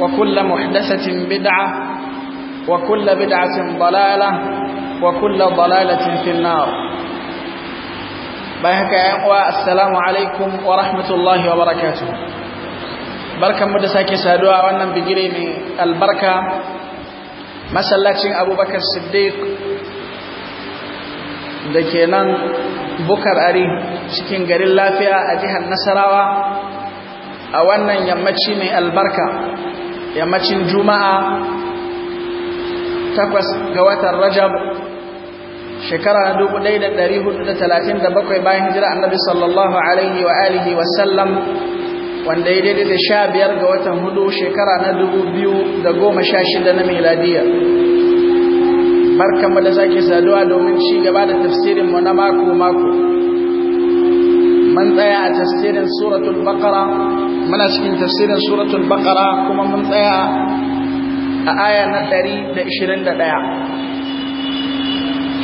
وكل محدثة بدعة وكل بدعة ضلالة وكل ضلالة في النار بحك السلام عليكم ورحمة الله وبركاته بركة مدسة كسادوا وانا بجري من البركة مسلاتي أبو بكر الصديق da ke nan bukar ari cikin garin lafiya a jihar nasarawa a wannan yammaci mai albarka yammacin juma'a takwas ga watan rajab shekara na dubu ɗaya da ɗari hudu da talatin da bakwai bayan hijira annabi sallallahu alaihi wa alihi wa sallam wanda ya daidai da sha biyar ga watan hudu shekara na dubu biyu da goma sha shida na miladiya Barkan da sake saduwa domin ci gaba da tafsirinmu na mako mako man tsaya a tafsirin suratul baqara muna cikin tafsirin suratul baqara kuma mun tsaya a aya na 121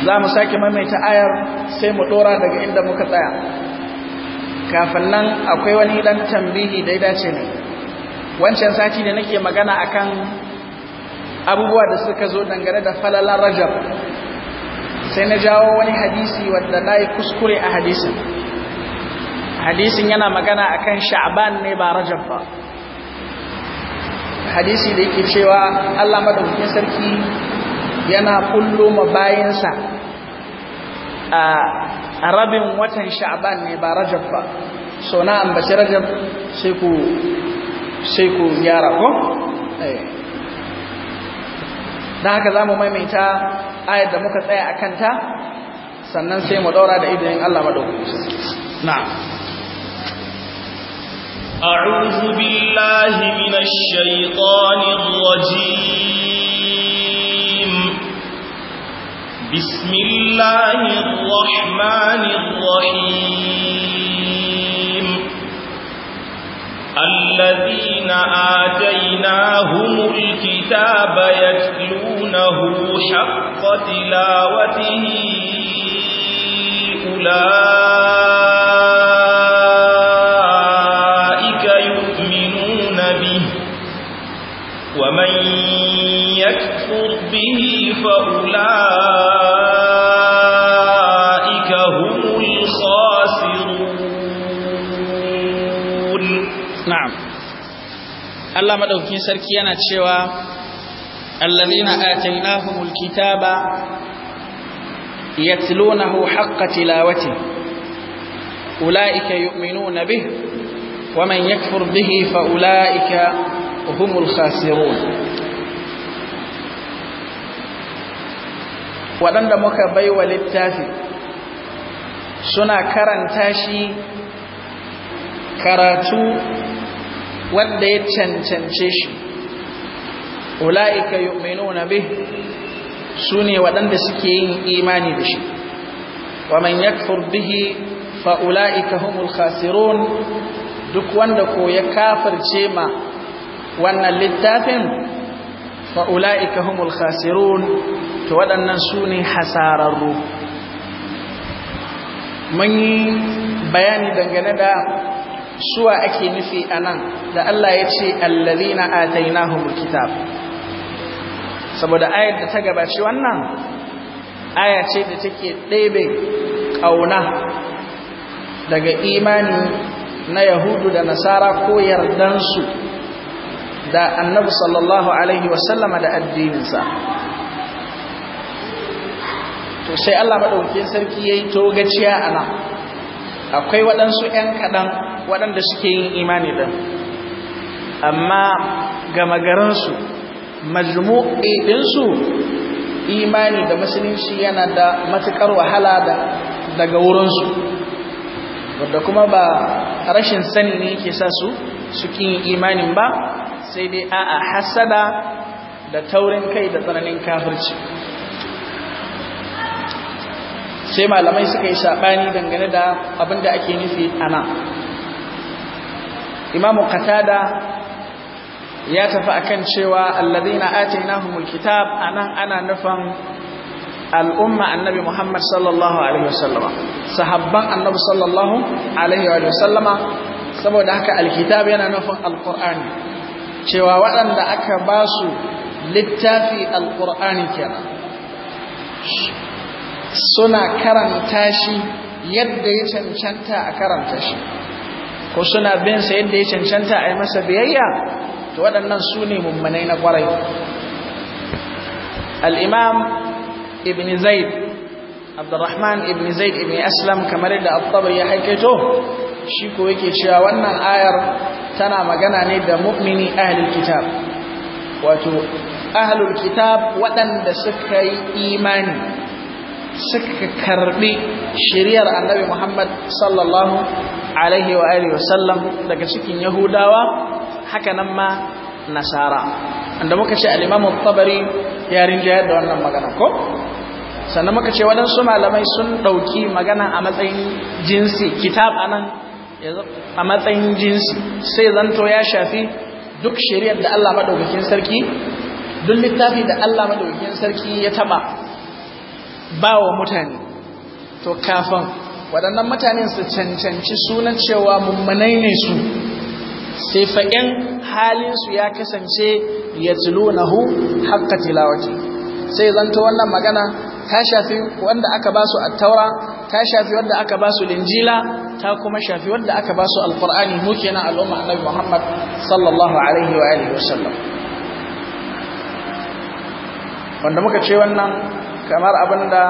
za mu sake maimaita ayar sai mu dora daga inda muka tsaya kafin nan akwai wani dan tambihi da ya dace ne wancan sati da nake magana akan abubuwa da suka zo dangane da falalar rajab sai na jawo wani hadisi wadda na yi kuskure a hadisin hadisin yana magana akan sha'ban ne ba rajab ba hadisi da yake cewa Allah madaukakin sarki yana kullu ma bayansa a rabin watan sha'ban ne ba rajab ba so na ambaci rajab sai ku sai ku gyara ko eh. don haka za mu maimaita ayar da muka tsaya a kanta sannan sai mu daura da idan Allah madaukakin sarki na'am أعوذ بالله من الشيطان الرجيم بسم الله الرحمن الرحيم الذين آتيناهم الكتاب يتلونه حق تلاوته أولئك ومن يكفر به فأولئك هم الخاسرون نعم الله مدوكين سركي أنا تشوى الذين آتيناهم الكتاب يتلونه حق تلاوته أولئك يؤمنون به ومن يكفر به فأولئك humul khasirun waɗanda muka baiwa littafi suna karanta shi karatu wanda ya cancance shi ula'ika na bih su ne waɗanda suke yin imani da shi wa man yakfur bihi fa ula'ika humul khasirun duk wanda ko ya kafirce ma wannan littafin fa'ula'ika humul khasirun to waɗannan su ne hasararru mun yi bayani dangane da suwa ake nufi a nan da Allah ya ce allazina atainahumul kitab saboda ayar da ta gabaci wannan aya ce da take ɗebe ƙauna daga imani na yahudu da nasara ko yardansu da annabi sallallahu alaihi wasallama da addininsa to sai Allah maɗaukin sarki ya yi togaciya a nan akwai waɗansu ‘yan kaɗan waɗanda suke yin imani ɗin amma gama garinsu majmu'i ɗinsu imani da musulunci yana da matukar wahala daga wurinsu wadda kuma ba rashin sani ne ke sa su suke yin imanin ba sai dai a'a hasada da taurin kai da tsananin kafirci sai malamai suka yi saɓani dangane da abin da ake nufi a nan imamu katada ya tafi akan cewa alladina atainahumul kitab anan ana nufin al'umma annabi Muhammad sallallahu Alaihi wasallama, sahabban annabi sallallahu Alaihi wasallama, saboda haka alkitab yana nufin alkur'ani. cewa waɗanda aka ba su littafi alƙur'ani kenan suna karanta shi yadda ya cancanta a karanta shi ko suna bin sa yadda ya cancanta a yi masa biyayya to waɗannan su ne mummanai na ƙwarai al'imam ibn zaid abdurrahman ibn zaid ibn aslam kamar yadda abtabar ya haikaito shi ko yake cewa wannan ayar tana magana ne da mu'mini ahlul kitab wato ahlul kitab waɗanda suka yi imani suka karbi shiriyar annabi Muhammad sallallahu alaihi wa alihi wasallam daga cikin yahudawa haka nan ma nasara inda muka ce al-imam tabari ya da wannan magana ko sannan muka ce waɗansu malamai sun ɗauki magana a matsayin jinsi kitab anan a matsayin jinsi sai zanto ya shafi duk shari'ar da Allah maɗaukakin sarki duk littafi da Allah maɗaukakin sarki ya taɓa, ba wa mutane to kafin waɗannan mutane su cancanci sunan cewa mummunai ne su sai fa'in halinsu ya kasance ya tilo na hu, haƙƙa tilawaki sai zanto wannan magana ta shafi wanda aka basu attaura ta shafi wanda aka basu linjila ta kuma shafi wanda aka basu su alqur'ani mu kenan al'umma annabi Muhammad sallallahu alaihi wa alihi wasallam wanda muka ce wannan kamar abinda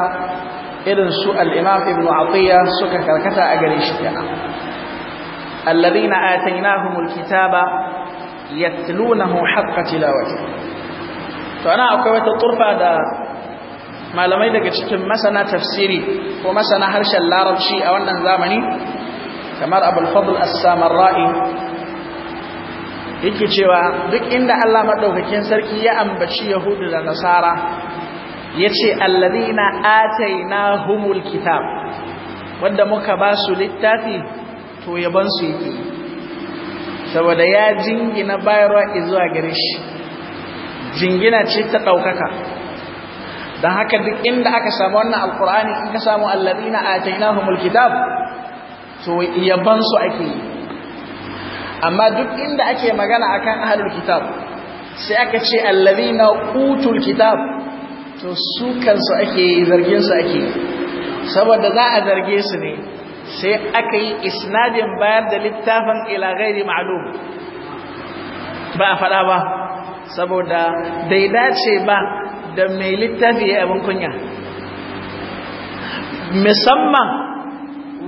irin su al-Imam Ibn suka karkata a gare shi kenan alladhina atainahumul kitaba yatlunahu haqqa tilawati to ana akwai wata turfa da malamai daga cikin masana tafsiri ko masana harshen larabci a wannan zamani kamar abul fadl as-samarra'i yake cewa duk inda Allah madaukakin sarki ya ambaci yahudu da nasara yace alladhina atainahumul kitab wanda muka ba su littafi to yaban su yake saboda ya jingina bayarwa zuwa gare shi jingina ce ta daukaka dan haka duk inda aka samu wannan alkur'ani in ka samu allazina atainahumul kitab to yaban su ake amma duk inda ake magana akan ahlul kitab sai aka ce allazina utul kitab to su kansu ake yi zargin su ake saboda za a zarge su ne sai aka yi isnadin bayar da littafin ila ghairi ma'lum ba a faɗa ba saboda dai dace ba da mai littafi ya abin kunya musamman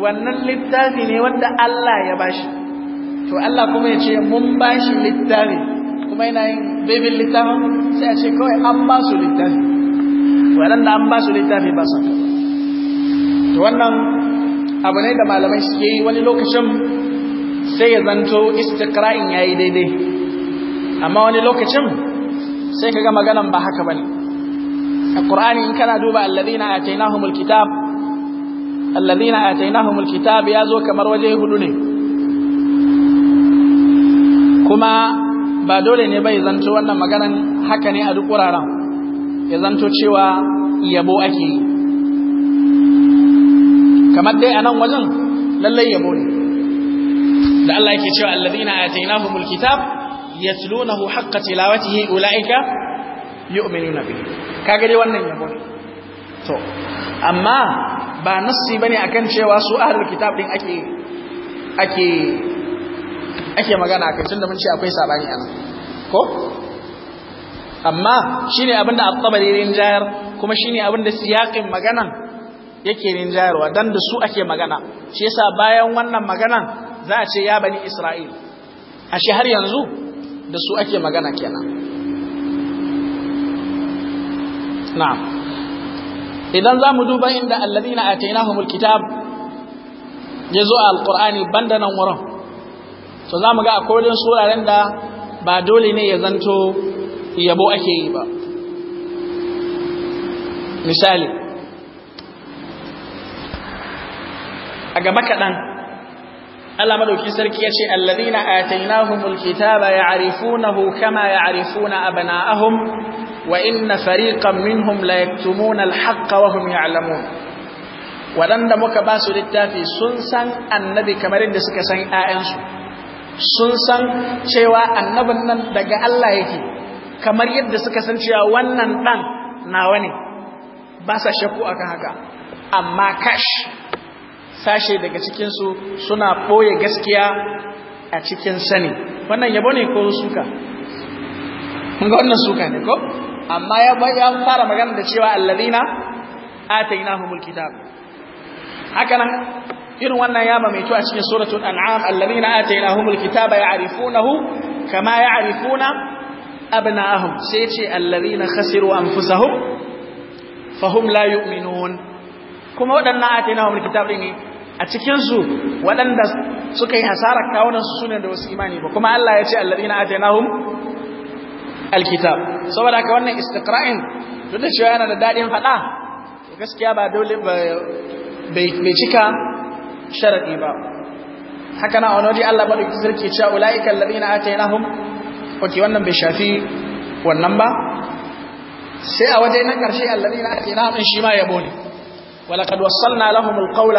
wannan littafi ne wanda Allah ya bashi to Allah kuma ya ce mun bashi littafi kuma yana yin babin littafin sai a ce kawai an ba su littafi waɗanda an ba su littafi ba su to wannan abu ne da malamai suke yi wani lokacin sai ya zanto istikra'in ya yi daidai amma wani lokacin sai ka ga maganan ba haka ba ne. alqur'ani in kana duba alladhina atainahumul kitab alladhina atainahumul kitab yazo kamar waje hudu ne kuma ba dole ne bai zanto wannan maganan haka ne a duk wuraren ya zanto cewa yabo ake yi kamar dai a nan wajen lallai yabo ne da Allah yake cewa alladhina kitab yatlunahu haqqa tilawatihi ulaika kaga dai wannan yabo to amma ba nassi bane akan cewa su ahlul kitab din ake ake ake magana kai tunda mun ce akwai sabani anan ko amma shine abinda at-tabari rinjayar kuma shine abinda siyaqin maganan yake rinjayarwa dan da su ake magana shi yasa bayan wannan maganan za a ce ya bani isra'il ashe har yanzu da su ake magana kenan na'am idan za mu duba inda alladhina atainahumul kitab ya zo a alqur'ani banda nan wurin to za mu ga akwai wajen da ba dole ne ya zanto yabo ake yi ba misali a gaba kaɗan Allah madauki sarki ya ce allazina atainahumul ya ya'rifunahu kama ya'rifuna abna'ahum wa inna fariqan minhum la yaktumuna al-haqqa wa hum ya'lamun wadanda muka basu littafi sun san annabi kamar inda suka san ƴaƴansu sun san cewa annabin nan daga Allah yake kamar yadda suka san cewa wannan dan nawa ne ba sa shakku akan haka amma kash sashe daga cikin su suna boye gaskiya a cikin sani wannan yabo ne ko suka kun ga wannan suka ne ko amma ya fara magana da cewa alladhina atainahumul kitab haka nan irin wannan ya mamaito a cikin suratul an'am alladhina atainahumul kitaba ya'rifunahu kama ya'rifuna abna'ahum sai ce alladhina khasiru anfusahum fahum la yu'minun kuma waɗannan atainahumul kitab ne a cikin su waɗanda suka yi hasarar kawunan su sune da wasu imani ba kuma Allah ya ce alladhina atainahum alkitab saboda haka wannan istiqra'in duk da cewa yana da dadin fada gaskiya ba dole bai cika sharadi ba haka na onoji Allah ba duk sarki cewa ulaiikal ladina atainahum wace wannan bai shafi wannan ba sai a waje na karshe alladina atainahum shi ma yabo ne ولقد وصلنا لهم القول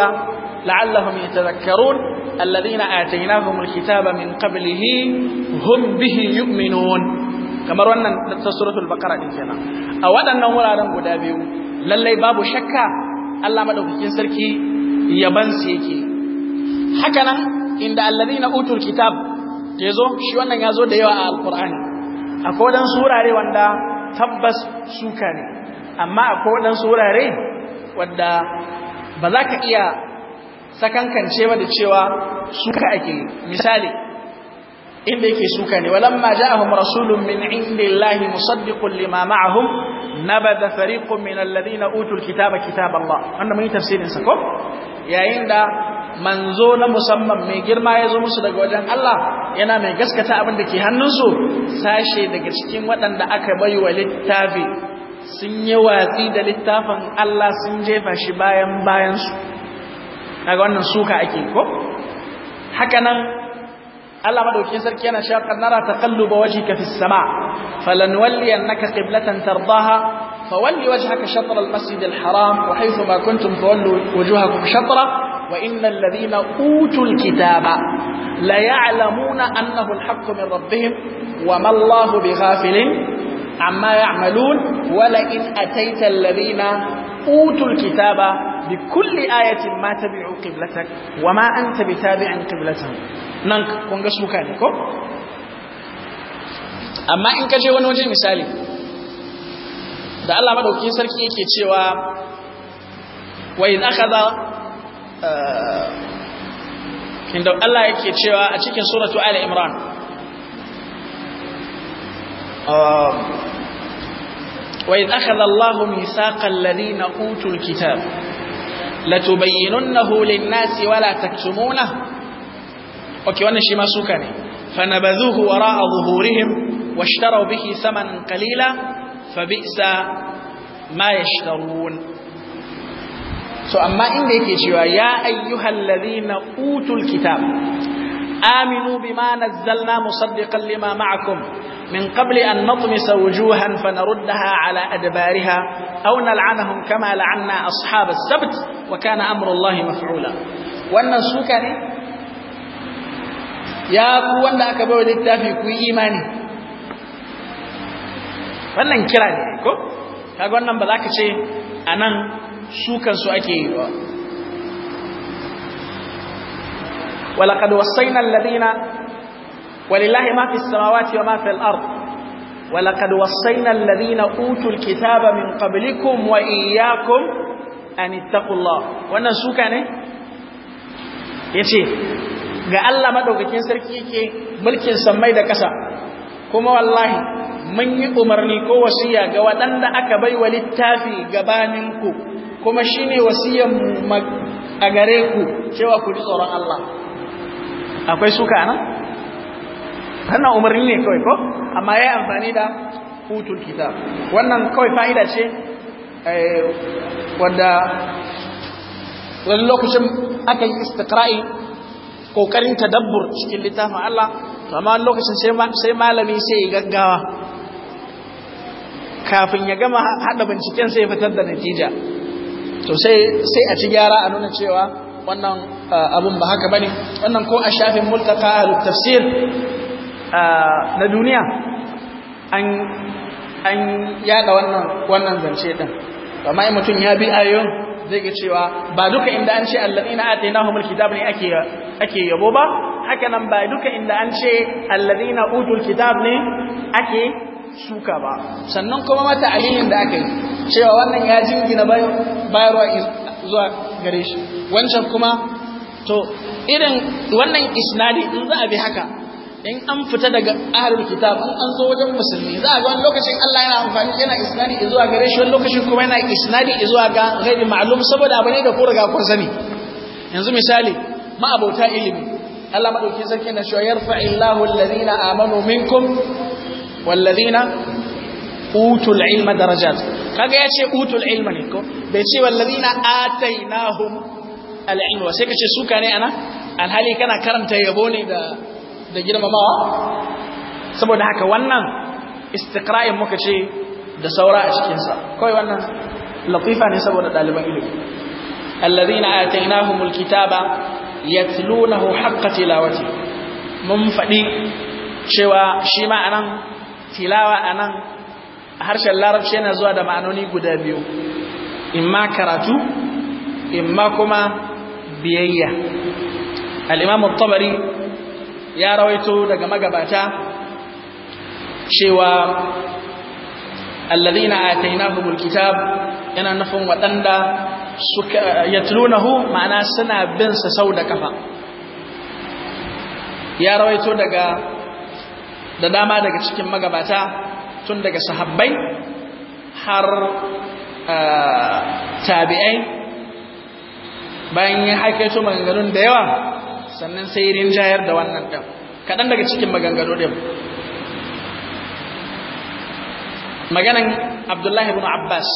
لعلهم يتذكرون الذين آتيناهم الكتاب من قبله هم به يؤمنون kamar wannan ta suratul baqara din kenan a waɗannan wuraren guda biyu lallai babu shakka Allah madaukakin sarki yaban su yake haka nan inda alladhina utul kitab yazo shi wannan yazo da yawa a alqur'ani akwai dan surare wanda tabbas suka ne amma akwai dan surare wanda ba za ka iya sakankance ba da cewa suka ake misali inda yake suka ne walamma ja'ahum rasulun min indillahi musaddiqun lima ma'ahum nabada fariqun min alladhina utul kitaba kitaballah wannan mun yi tafsirin sa ko yayin da manzo na musamman mai girma ya zo musu daga wajen Allah yana mai gaskata abin da ke hannunsu sashe daga cikin waɗanda aka bai wa littafi sun yi watsi da littafin Allah sun jefa shi bayan bayansu daga wannan suka ake ko haka nan Allah madaukakin sarki yana cewa kan nara taqalluba wajhika fis sama' falanwalliyannaka qiblatan tardaha fawalli wajhaka shatr al masjid al haram wa haythu ma kuntum fawallu wujuhakum shatra wa innal ladhina utul kitaba la ya'lamuna annahu al haqq min rabbihim wa ma Allahu bighafilin amma ya'malun wa la in atayta alladhina utul kitaba bi kulli ayatin ma tabi'u qiblatak wa ma anta bitabi'in qiblatahum nan kun ga suka ne ko amma in ka je wani waje misali da Allah madaukakin sarki yake cewa wa in akhadha eh, inda Allah yake cewa a cikin suratu Ali Imran um, وإذ أخذ الله ميثاق الذين أوتوا الكتاب لتبيننه للناس ولا تكتمونه وكيوانا شما سكني فنبذوه وراء ظهورهم واشتروا به ثمنا قليلا فبئس ما يشترون so أما إن yake cewa ya ayyuhal ladhina utul aminu bima nazzalna musaddiqan lima ma'akum min kabli an natmisa wujuhan fanaruddaha ala adbariha aw nal'anahum kama la'anna ashab as-sabt wa kana amru Allah maf'ula wannan suka ya ku wanda aka bawa littafi ku yi imani wannan kira ne ko wannan ba za ka ce anan sukan su ake yi ba ولقد وصينا الذين ولله ما في السماوات وما في الأرض ولقد وصينا الذين أوتوا الكتاب من قبلكم وإياكم أن اتقوا الله وأن سوكا ne yace ga Allah madaukakin sarki yake mulkin sammai da ƙasa kuma wallahi mun yi umarni ko wasiya ga waɗanda aka bai wa littafi gabaninku kuma shine wasiyar mu a gare ku cewa ku ji tsoron Allah akwai sukanan. nan wannan umarni ne kawai ko amma yayi amfani da utul kitab wannan kawai fa'ida ce eh, wanda wani lokacin akan istiqra'i kokarin tadabbur cikin littafin Allah to amma lokacin sai malami sai ya gaggawa kafin ya gama hada binciken sai ya fitar da natija to sai a ci gyara a nuna cewa wannan Abin ba haka bane wannan ko a shafin multaka tafsir na duniya an an yada wannan wannan zance ɗin. amma in mutum ya bi ayoyin zai ga cewa ba duka inda an ce alladina atainahumul kitaba ne ake ake yabo ba haka nan ba duka inda an ce alladina utul kitab ne ake suka ba sannan kuma mata alihin da aka yi cewa wannan ya jingina bayarwa zuwa gare shi wancan kuma to irin wannan isnadi in za a bi haka in an fita daga ahlul kitab in an zo wajen musulmi za a ga wani lokacin Allah yana amfani yana isnadi zuwa gare shi wani lokacin kuma yana isnadi zuwa ga ghairi ma'lum saboda abane da ko riga kun sani yanzu misali ma'abauta ilimi Allah madaukin sarki na shi yarfa illahu alladhina amanu minkum walladhina utul ilma darajat kaga yace utul ilma ne ko bai ce walladhina atainahum al'inwa sai ka ce suka ne ana alhali kana karanta yabo ne da girmamawa saboda haka wannan istikra'in muka ce da saura a cikinsa kawai wannan latifa ne saboda ɗaliban ilimi allazina atainahumul kitaba yatlunahu haqqa tilawati mun faɗi cewa shi ma anan tilawa anan harshen larabci yana zuwa da ma'anoni guda biyu ma karatu imma kuma biyayya al-imam at-tabari ya rawaito daga magabata cewa alladhina atainahumul kitab yana nufin wadanda suka yatlunahu ma'ana suna bin sa sau da kafa ya rawaito daga da dama daga cikin magabata tun daga sahabbai har eh, tabi'ai bayan ya su maganganun da yawa sannan sai jayar da wannan ɗan kaɗan daga cikin maganganu ɗin maganan abdullahi ibn abbas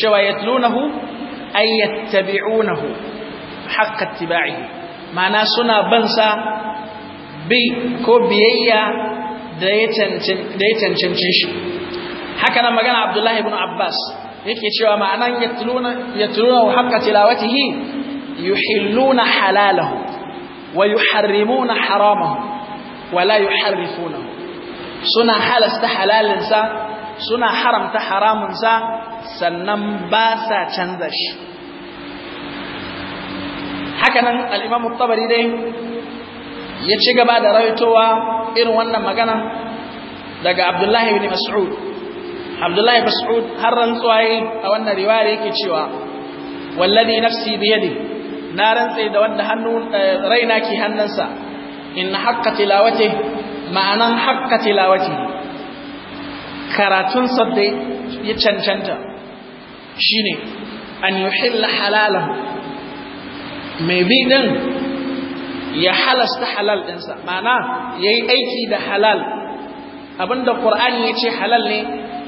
cewa yatlunahu ay yattabi'unahu haqqa ittiba'ihi ma'ana suna bansa bi ko biyayya da ya cancancin shi haka nan magana abdullahi ibn abbas yake cewa ma'anan ya yatlunahu haqqa tilawatihi yuhilluna halalahum wa yuharrimuna haramahum wa suna halasta halalinsa suna haramta haramunsa sannan ba sa canza shi hakanan al-imam dai ya ci gaba da rawaitowa irin wannan magana daga Abdullahi ibn Mas'ud Abdullahi Mas'ud har rantsuwaye a wannan riwari yake cewa wallazi nafsi bi yadihi na rantse da wanda hannu eh, raina ke hannunsa in haqqa tilawati ma'anan haqqa tilawati karatun da ya cancanta shine an yuhilla halalan. mai bi dan ya halasta halal dinsa ma'ana yi aiki da halal abinda ya yace halal ne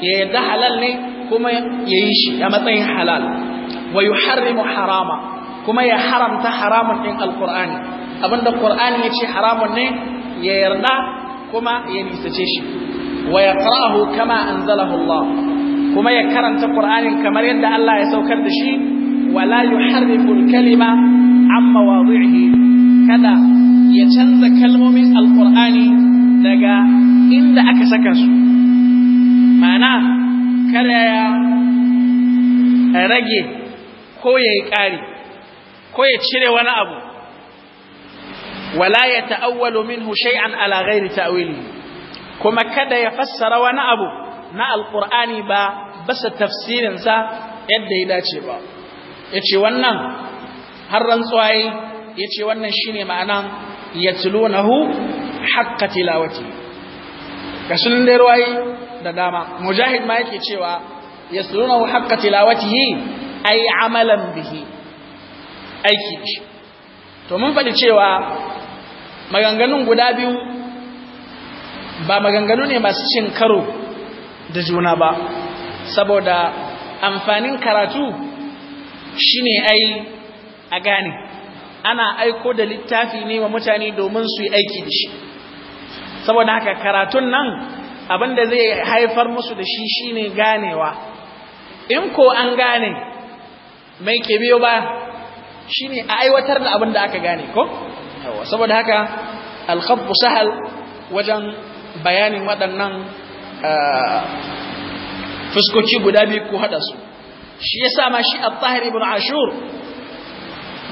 ya yadda halal ne kuma yayi shi a matsayin halal wa yuharrimu harama kuma ya haramta haramun ɗin alƙur'ani abinda ƙur'ani ya ce haramun ne ya yarda kuma ya nisace shi wa ya kama an Allah kuma ya karanta ƙur'anin kamar yadda Allah ya saukar da shi wala yuharrifu kalima an mawadhihi kada ya canza kalmomin alƙur'ani daga inda aka saka su Mana kada ya rage ko ya yi ƙari ko ya cire wani abu wala ya ta'awwalu minhu shay'an ala ghairi ta'wili kuma kada ya fassara wani abu na alqur'ani ba basa tafsirin sa yadda ya dace ba yace wannan har rantsuwaye yace wannan shine ma'anan yatlunahu haqqa tilawati kashin da ruwayi da dama mujahid ma yake cewa yaslunahu haqqa tilawatihi ay amalan bihi aiki da shi to mun faɗi cewa maganganun guda biyu ba maganganu ne masu cin karo da juna ba saboda amfanin karatu shine ai a gane ana aiko da littafi ne wa mutane domin su yi aiki da shi saboda haka karatun nan abin da zai haifar musu da shi shine ganewa in ko an gane mai ke biyo ba shine a aiwatar da abin da aka gane ko saboda haka alkhabbu sahal wajen bayanin waɗannan ah, fuskoki guda biyu ko haɗa su shi yasa ma shi a tahir ibn ashur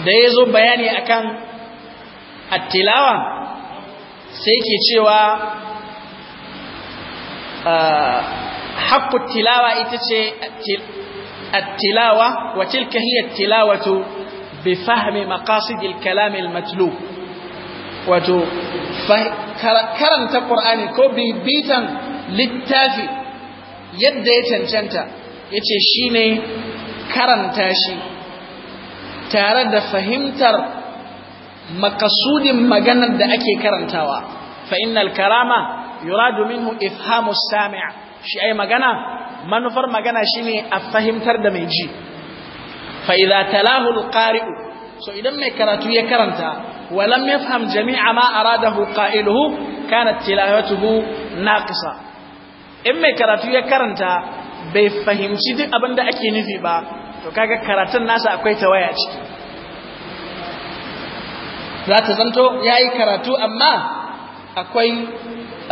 da ya zo bayani akan at sai ke cewa ah, haƙƙu tilawa ita ce attilawa? tilawa wa tilka hiya tilawatu bi fahmi maqasidil kalamil matlub wato karanta ƙur'ani ko bibitan littafi yadda ya cancanta yace shine karanta shi tare da fahimtar makasudin maganar da ake karantawa fa innal karama yuradu minhu ifhamu sami' shi ai magana manufar magana shine a fahimtar da mai ji fa idza talahu alqari'u so idan mai karatu ya karanta wa lam yafham jami'a ma aradahu qailuhu kanat tilawatuhu naqisa in mai karatu ya karanta bai fahimci duk abin da ake nufi ba to kaga karatun nasa akwai tawaya ciki za ta zanto yayi karatu amma akwai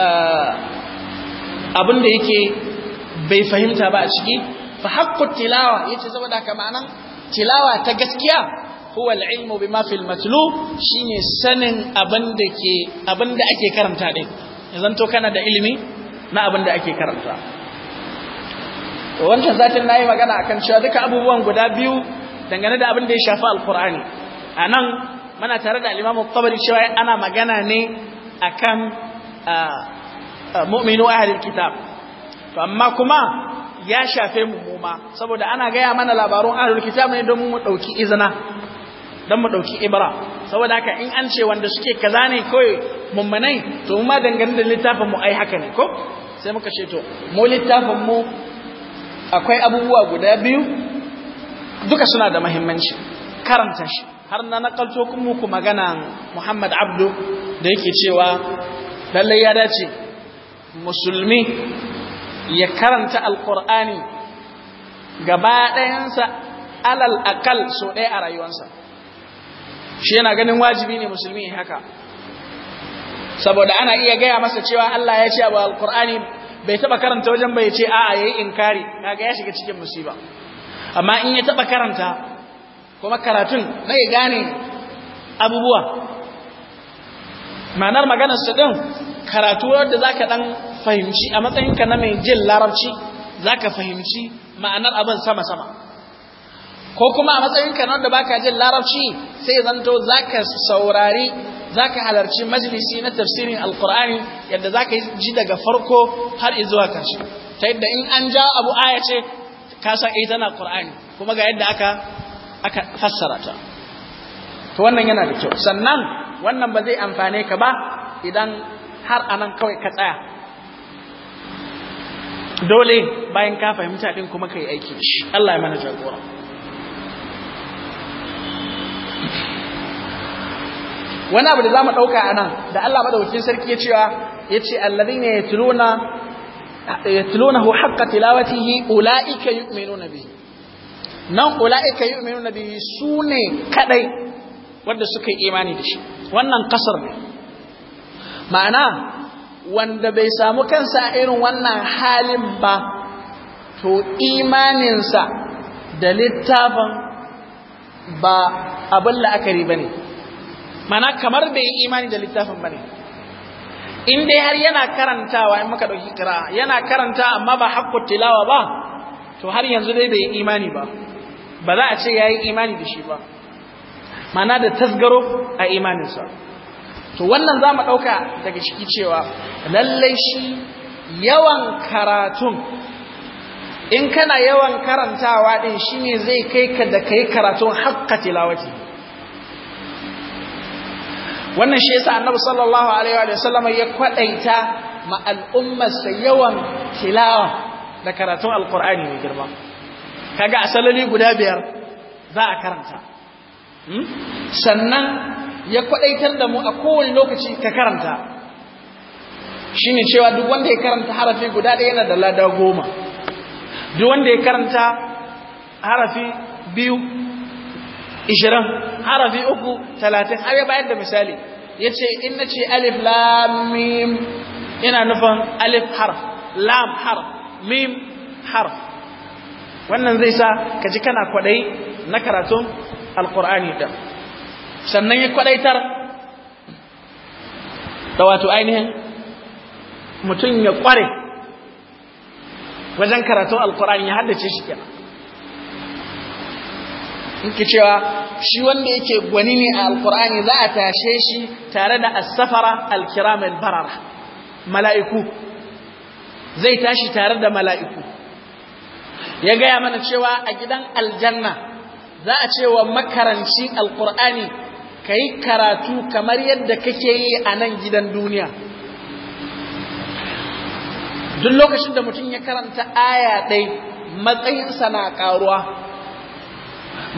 eh, abin da yake bai fahimta ba a ciki fa haqqut tilawa yace saboda haka ma'anan tilawa ta gaskiya huwa al-ilmu bima fil matlu shine sanin abin da ke abinda ake karanta din yanzan to kana da ilimi na abin ake karanta wannan zatin nayi magana akan cewa duka abubuwan guda biyu dangane da abinda da ya shafi al-Qur'ani anan muna tare da al-imamu tabari cewa ana magana ne akan ah, ah, mu'minu ahlul kitab to amma kuma ya shafe mu muma saboda ana gaya mana labarun ahlul kitab ne don mu dauki izina don mu dauki ibra saboda haka in an ce wanda suke kaza ne ko mummanai to mu ma dangane da littafin mu ai haka ne ko sai muka ce to mu littafin mu akwai abubuwa guda biyu duka suna da muhimmanci karanta shi har na nakalto muku magana Muhammad Abdu da yake cewa lallai ya dace musulmi ya karanta alkur'ani gaba ɗayansa alal akal so ɗaya a rayuwansa shi yana ganin wajibi ne musulmi haka saboda ana iya gaya masa cewa Allah ya ce abu alkur'ani bai taɓa karanta wajen bai ce a'a yayi inkari kaga ya shiga cikin musiba amma in ya taɓa karanta kuma karatun na gane abubuwa ma'anar maganar su ɗin karatu wadda za ka ɗan fahimci a matsayinka na mai jin larabci za ka fahimci ma'anar abin sama-sama ko kuma a matsayinka na wanda ka jin larabci sai zanto za ka saurari za ka halarci majalisi na tafsirin alkur'ani yadda za ka ji daga farko har izuwa karshe ta yadda in an ja abu aya ce ka san ai eh tana qur'ani kuma ga yadda aka aka fassara ta to wannan yana da kyau sannan wannan ba zai amfane ka ba idan har anan kawai ka tsaya dole bayan ka fahimta din kuma kai aiki shi Allah ya mana jagora wani abu da za ɗauka dauka nan, da Allah madaukakin sarki ya cewa yace alladhina yatluna yatlunahu haqqa tilawatihi ulaika yu'minuna bihi nan ulaika yu'minuna bihi ne kadai wanda suka yi imani da shi wannan kasar ne ma'ana wanda bai samu kansa irin wannan halin ba to imaninsa da littafin ba abin la'akari ba ne mana kamar bai yi imani da littafin ba ne in dai har yana karantawa in muka ɗauki kira yana karanta amma ba haƙƙo tilawa ba to har yanzu dai bai yi imani ba ba za a ce ya yi imani da shi ba mana da tasgaro a imaninsa to wannan za mu ɗauka daga ciki cewa lallai shi yawan karatun in kana yawan karantawa ɗin shi ne zai kai ka da kai karatun haƙƙa tilawati wannan shi yasa annabi sallallahu alaihi wa sallam ya kwaɗaita ma al'ummarsa yawan tilawa da karatun alƙur'ani mai girma kaga asalali guda biyar za a karanta hmm? sannan ya kwadaitar da mu a kowane lokaci ka karanta ne cewa duk wanda ya karanta harafi guda ɗaya yana da lada goma duk wanda ya karanta harafi biyu ishirin harafi uku talatin har ya bayar da misali ya ce in na ce alif lamim ina nufin alif harf lam harf mim harf wannan zai sa ka ji kana kwaɗayi na karatun alkur'ani ɗin sannan ya kwadaitar da wato ainihin mutum ya kware wajen karatun alkur'ani ya haddace shi kenan yake cewa shi wanda yake gwani ne a alkur'ani za a tashe shi tare da asafara alkiramin barara mala'iku zai tashi tare da mala'iku ya gaya mana cewa a gidan aljanna za a cewa makaranci alkur'ani ka yi karatu kamar yadda kake yi a nan gidan duniya duk lokacin da mutum ya karanta aya ɗai matsayinsa na ƙaruwa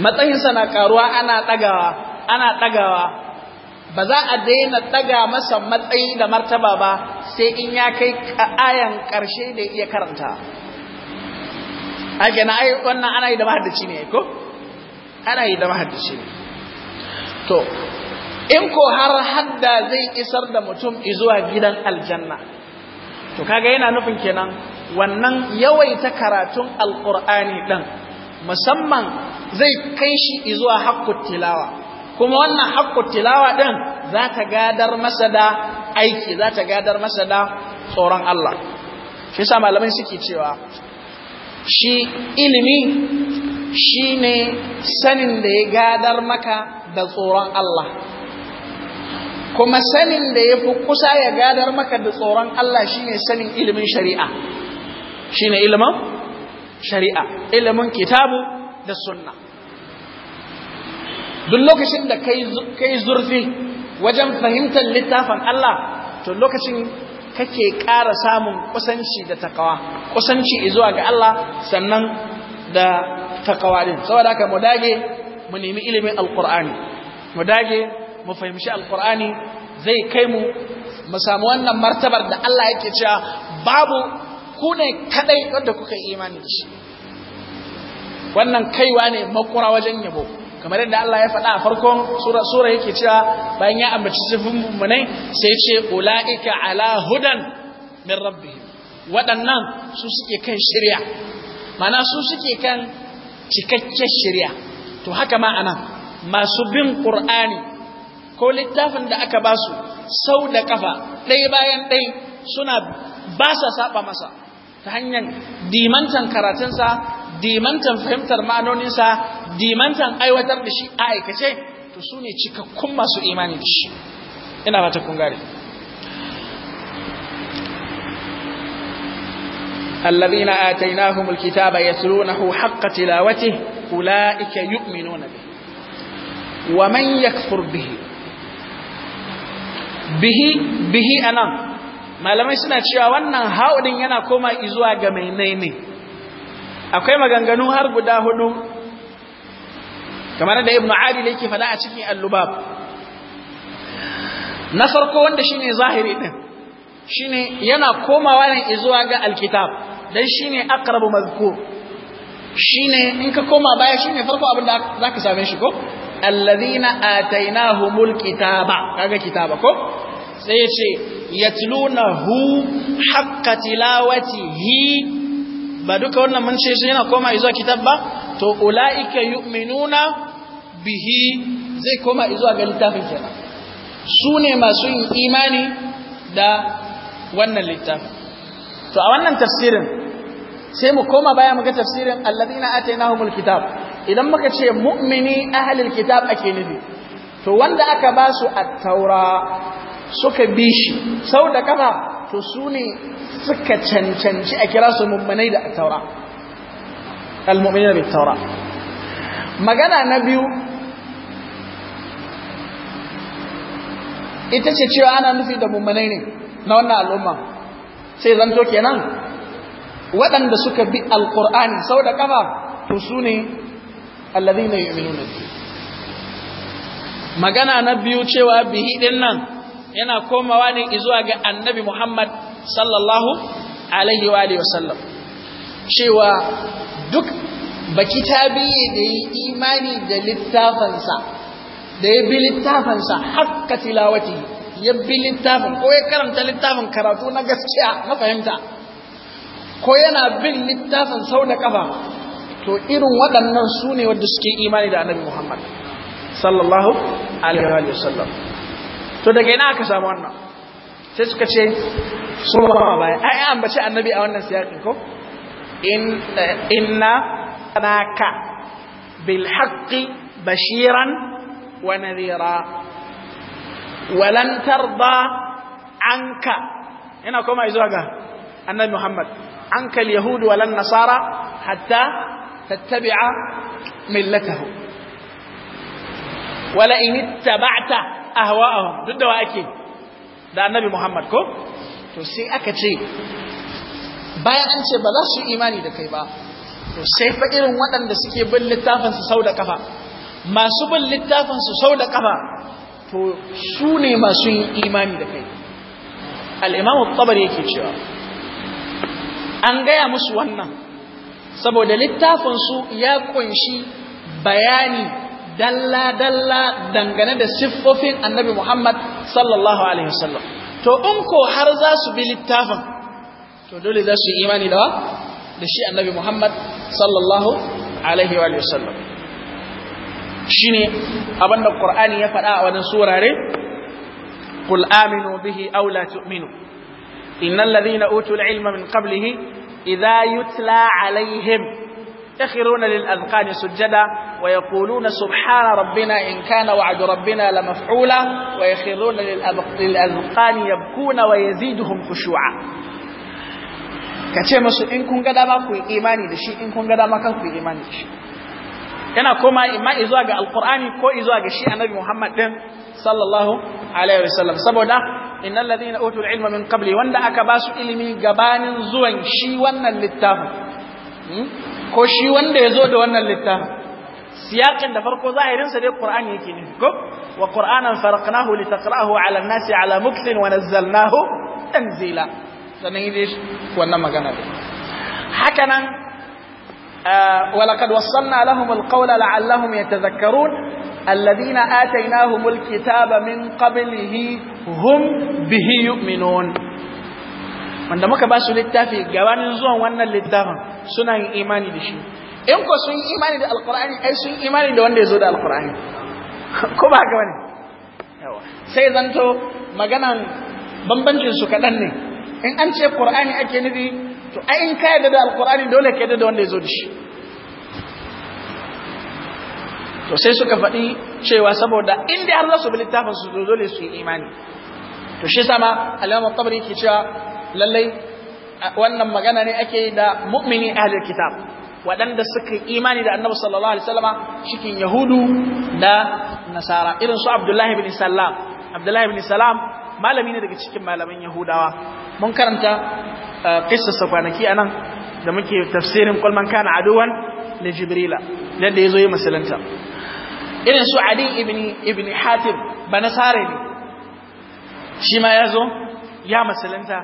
matsayinsa na ƙaruwa ana ɗagawa ana ɗagawa ba za a daina ɗaga masa matsayi da martaba ba sai in ya kai ayan ƙarshe da iya karanta a gana wannan ana yi da mahaddaci ne ko ana yi da mahaddaci ne to in ko har hadda zai isar da mutum izuwa gidan aljanna to kaga yana nufin kenan wannan yawaita karatun Alƙur'ani ɗin musamman zai kai shi zuwa haqqut tilawa kuma wannan haqqut tilawa din za ta gadar masa da aiki za ta gadar masa da tsoron Allah shi yasa malamai suke cewa shi ilimi shine sanin da ya gadar maka da tsoron Allah kuma sanin da ya fi kusa ya gadar maka da tsoron Allah shine sanin ilimin shari'a Shi ne ilimin shari'a ilimin kitabu da sunna duk lokacin da kai zurfi wajen fahimtar littafin Allah to lokacin kake ƙara samun kusanci da takawa kusanci zuwa ga Allah sannan da takawa din saboda haka mu dage mu nemi ilimin alqur'ani mu dage mu fahimci alqur'ani zai kai mu mu samu wannan martabar da Allah yake cewa babu ku ne kadai wanda kuka imani da shi wannan kaiwa ne makura wajen yabo kamar yadda Allah ya faɗa a farkon sura sura yake cewa bayan ya ambaci sifin mummunai sai ya ce ulaika ala hudan min rabbihim waɗannan su suke kan shirya mana su suke kan cikakken shirya to haka ma anan masu bin qur'ani ko littafin da aka ba su sau da ƙafa ɗai bayan ɗai suna ba sa saba masa ta hanyar dimantan karatunsa dimantan fahimtar ma'anoninsa dimantan aiwatar da shi a aikace to su ne cikakkun masu imani da shi ina fata kun gare الذين آتيناهم الكتاب يتلونه حق تلاوته أولئك يؤمنون به ومن يكفر به به به أنا malamai suna cewa wannan hauɗin yana koma izuwa ga mai ne akwai maganganu har guda hudu kamar da ibnu adil yake fada a cikin al na farko wanda shine zahiri ɗin. shine yana komawa ne zuwa ga alkitab dan shine aqrabu mazkur shine in ka koma baya shine farko abin da zaka same shi ko alladhina atainahumul kitaba kaga kitaba ko sai yace yatlunahu haqqa tilawatihi ba duka wannan mun ce yana koma zuwa kitab ba to ulaika yu'minuna bihi zai koma zuwa ga littafin kenan su ne masu yin imani da wannan littafin to a wannan tafsirin sai mu koma baya mu ga tafsirin alladina atainahumul kitab idan muka ce mu'mini ahlul kitab ake nufi to wanda aka ba su at-taura suka bi shi sau da kafa to su ne suka cancanci a kira su mu'minai da at-taura al-mu'minina bit-taura magana na biyu ita ce cewa ana nufi da mu'minai ne na wannan al'umma sai zanto kenan waɗanda suka bi Alkur'ani sau da kafa to su ne alladhina yu'minuna magana na biyu cewa bihi ɗin nan yana komawa ne zuwa ga annabi Muhammad sallallahu alaihi wa sallam). cewa duk baki biye da yi imani da littafansa da ya bi littafansa hakka tilawati ya bi littafin ko ya karanta littafin karatu na gaskiya na fahimta ko yana bin littafin sau da kafa to irin waɗannan su ne wadda suke imani da annabi Muhammad sallallahu alaihi wa sallam to daga ina aka samu wannan sai suka ce su ba baya ai an bace annabi a wannan siyakin ko in inna naka bil haqqi bashiran wa nadhira walan tarda anka ina koma zuwa ga annabi Muhammad anka al-yahud walan nasara hatta tattabi'a millatahu wala in ittaba'ta ahwa'ahum duk da wa ake da annabi Muhammad ko to sai aka ce bayan an ce ba za su imani da kai ba to sai fa irin waɗanda suke bin littafin su sau da kafa masu bin littafin su sau da kafa to su ne masu yin imani da kai al'imamu tabari yake cewa an gaya musu wannan saboda littafinsu ya kunshi bayani dalla-dalla dangane da siffofin annabi Muhammad sallallahu Alaihi wasallam to in ko har za su bi littafin to dole za su yi imani da shi annabi Muhammad sallallahu Alaihi wasallam shine abinda qur'ani ya faɗa a wannan surare qul aminu bihi aula la tu'minu innal ladhina utul ilma min qablihi idha yutla alaihim yakhiruna lil azqani sujada wa yaquluna subhana rabbina in kana wa'du rabbina la maf'ula wa yakhiruna lil azqani yabkuna wa yaziduhum khushu'a kace musu in kun ga dama ku yi imani da shi in kun ga dama kan ku yi imani yana koma imma zuwa ga alqur'ani ko zuwa ga shi annabi Muhammad din sallallahu alaihi wasallam saboda innal ladina utul ilma min qabli wanda aka ba su ilimi gabanin zuwan shi wannan littafin hmm? ko shi wanda ya zo da wannan littafin siyakin da farko zahirin sa dai qur'ani yake ne ko wa qur'anan faraqnahu litaqra'ahu 'ala an-nasi 'ala mukthin wa nazzalnahu tanzila sanan yi wannan magana dai haka nan ولقد وصلنا لهم القول لعلهم يتذكرون الذين آتيناهم الكتاب من قبله هم به يؤمنون wanda muka ba su gabanin zuwan wannan littafin suna yin imani da shi in ko sun yi imani da alkur'ani ai sun yi imani da wanda ya zo da alkur'ani ko ba haka bane sai zanto maganan bambancin kaɗan ne in an ce ƙur'ani ake nufi to ai in ka yadda da alkur'ani dole ka yadda da wanda ya zo da shi to sai suka faɗi cewa saboda inda har za su bi littafin su dole su yi imani to shi sama alamar tabari ke cewa lallai wannan magana ne ake yi da mu'mini ahlul kitab waɗanda suka yi imani da annabi sallallahu alaihi wasallama cikin yahudu da nasara irin su abdullahi bin salam abdullahi bin salam malami ne daga cikin malaman yahudawa mun karanta kissa kwanaki anan da muke tafsirin kulman kana aduwan li jibrila yadda yazo yi masalanta irin su ali ibn ibn hatim sare ne shi ma yazo ya masalanta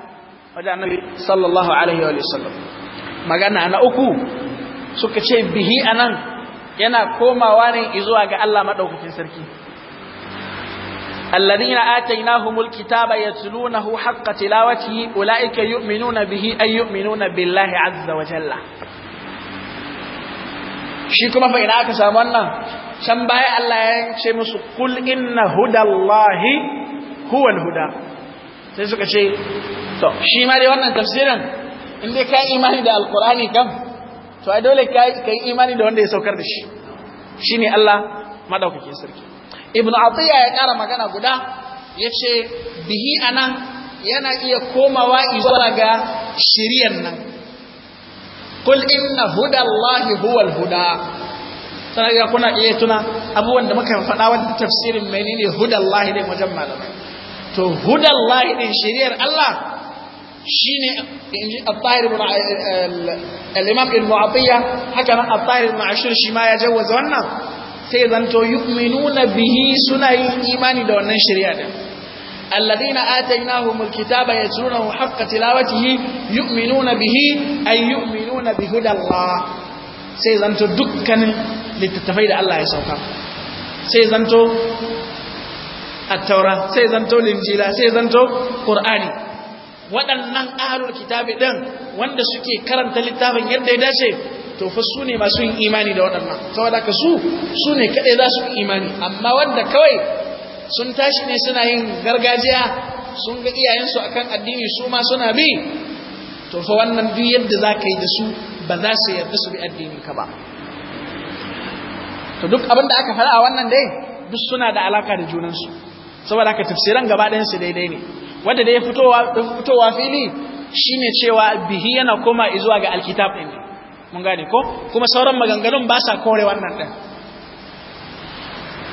wajen annabi sallallahu alaihi wa sallam magana na uku suka ce bihi anan yana komawa ne zuwa ga Allah madaukakin sarki الذين آتيناهم الكتاب يتلونه حق تلاوته أولئك يؤمنون به أي يؤمنون بالله عز وجل shi kuma fa ina aka samu wannan can baya Allah ya ce musu kul inna hudallahi huwal huda sai suka ce to shi ma wannan tafsirin in dai kai imani da alqur'ani kam to dole da wanda ya saukar da shi shine Allah sarki ibn atiya ya ƙara magana guda ya ce bihi anan yana iya komawa izuwa ga shiryan nan kul inna huda Allahi huwal huda ya kuna iya tuna abubuwan da muka faɗa wata tafsirin mai menene huda Allahi din wajen malamai to huda Allahi din shiriyar Allah shine inji al-tahir ibn al-imam ibn mu'atiyya haka nan al-tahir ibn ashir shi ma ya jawwaza wannan sai zanto yu'minuna bihi suna yin imani da wannan shari'a din alladhina atainahumul kitaba yatlunahu haqqa tilawatihi yu'minuna bihi ay yu'minuna bi hudallah sai zanto dukkanin littattafai da Allah ya sauka sai zanto at-taura sai zanto linjila sai zanto qur'ani waɗannan ahalul kitabi ɗin wanda suke karanta littafin yadda ya dace to fa su ne masu yin imani da waɗannan saboda ka su su ne kaɗai za su yi imani amma wanda kawai sun tashi ne suna yin gargajiya sun ga iyayensu akan addini su ma suna bi to fa wannan duk yadda za ka yi da su ba za su yarda su bi addinin ka ba to duk abin da aka faɗa a wannan dai duk suna da alaka da junansu saboda ka tafsiran gaba su daidai ne wanda da ya fitowa fili shine cewa bihi yana koma zuwa ga alkitab din. mun gane ko kuma sauran maganganun ba sa kore wannan din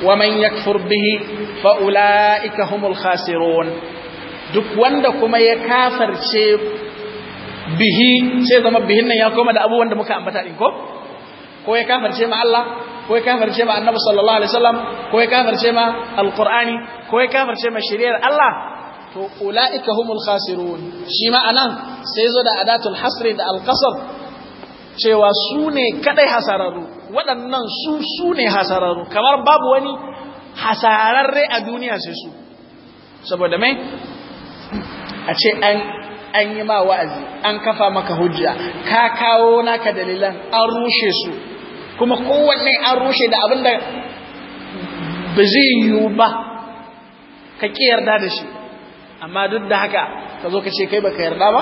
wa man yakfur bihi fa ulaika humul khasirun duk wanda kuma ya kafarce bihi sai zama bihin nan ya koma da abubuwan da muka ambata din ko ko ya kafarce ma Allah ko ya kafarce ma Annabi sallallahu alaihi wasallam ko ya kafarce ma Alqur'ani ko ya kafarce ma shari'ar Allah to ulaika humul khasirun shi ma anan sai zo da adatul hasri da alqasr cewa su ne kadai hasararru waɗannan su su ne hasararru kamar babu wani hasararre a duniya sai su saboda mai a ce an yi ma wa'azi an kafa maka hujja ka kawo naka dalilan an rushe su kuma kowanne an rushe da abin da ba zai yiwu ba ka ƙi yarda da shi amma duk da haka ka zo ka ce kai baka yarda ba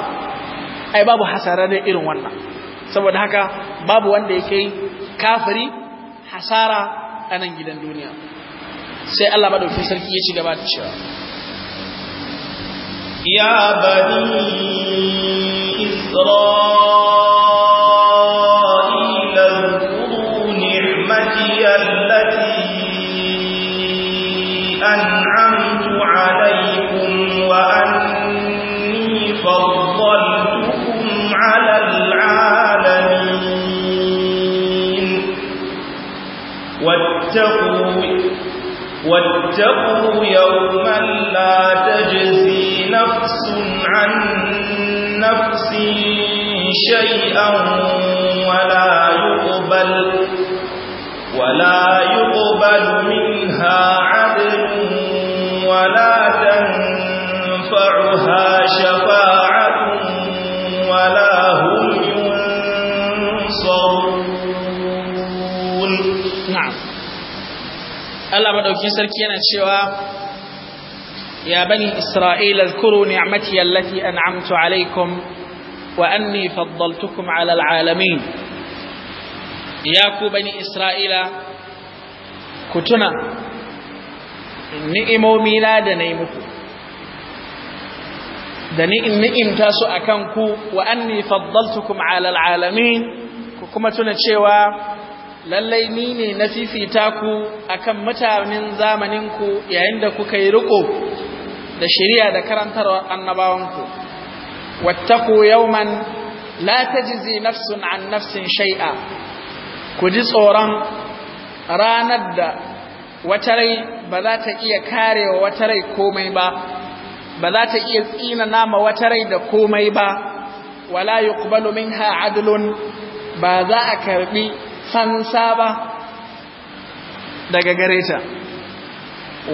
ai babu hasararre irin wannan saboda haka babu wanda ya kai kafiri hasara a nan gidan duniya sai Allah madaukakin sarki ya ci gaba da cewa ya bani isra'ila zkuru واتقوا واتقوا يوما لا تجزي نفس عن نفس شيئا ولا يقبل ولا يقبل منها عدل ولا تنفعها شفاعة Allah madaukin sarki yana cewa ya bani isra'ila zkuru ni'mati allati an'amtu alaykum wa anni faddaltukum 'ala al'alamin ya ku bani isra'ila ku tuna ni'imomi na da nayi muku da ni'im ni'imta su akan ku wa anni faddaltukum 'ala al'alamin ku kuma tuna cewa lallai ni ne na fifita ku akan mutanen zamanin ku yayin da kuka yi riko da shari'a da karantarwar annabawanku wattaku yawman la tajzi nafsun an nafsin shay'a ku ji tsoron ranar da wata rai ba za ta iya karewa wata rai komai ba ba za ta iya tsina nama wata rai da komai ba wala yuqbalu minha adlun ba za a karbi fansa ba daga gare ta